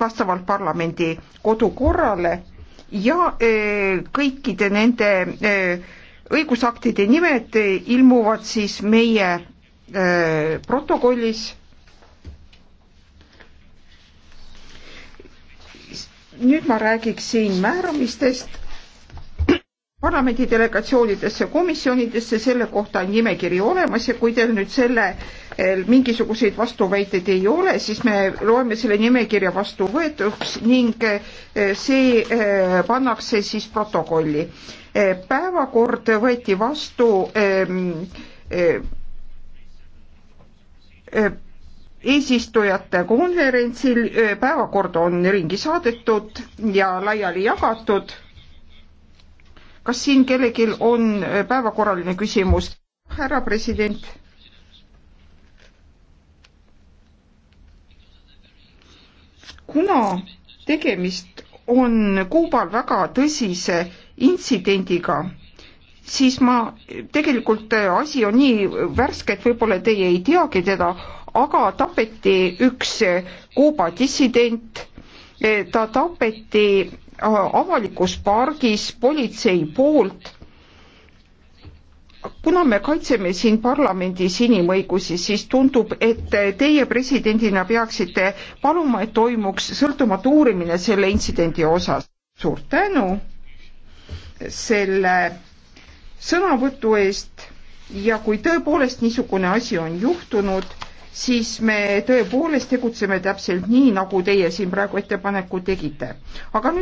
vastavalt parlamendi kodukorrale ja kõikide nende õigusaktide nimed ilmuvad siis meie protokollis. nüüd ma räägiksin määramistest parlamendi delegatsioonidesse, komisjonidesse, selle kohta on nimekiri olemas ja kui teil nüüd selle eh, mingisuguseid vastuväiteid ei ole, siis me loeme selle nimekirja vastuvõetuks ning eh, see eh, pannakse siis protokolli. päevakord võeti vastu ehm, eesistujate konverentsil, päevakord on ringi saadetud ja laiali jagatud kas siin kellelgi on äh, päevakorraline küsimus? härra president. kuna tegemist on Kuubal väga tõsise intsidendiga, siis ma, tegelikult äh, asi on nii värske, et võib-olla teie ei teagi teda, aga tapeti üks Kuuba dissident, äh, ta tapeti avalikus pargis politsei poolt. kuna me kaitseme siin parlamendis inimõigusi, siis tundub, et teie presidendina peaksite paluma, et toimuks sõltumatu uurimine selle intsidendi osas. suur tänu selle sõnavõtu eest ja kui tõepoolest niisugune asi on juhtunud, siis me tõepoolest tegutseme täpselt nii, nagu teie siin praegu ettepaneku tegite. aga nüüd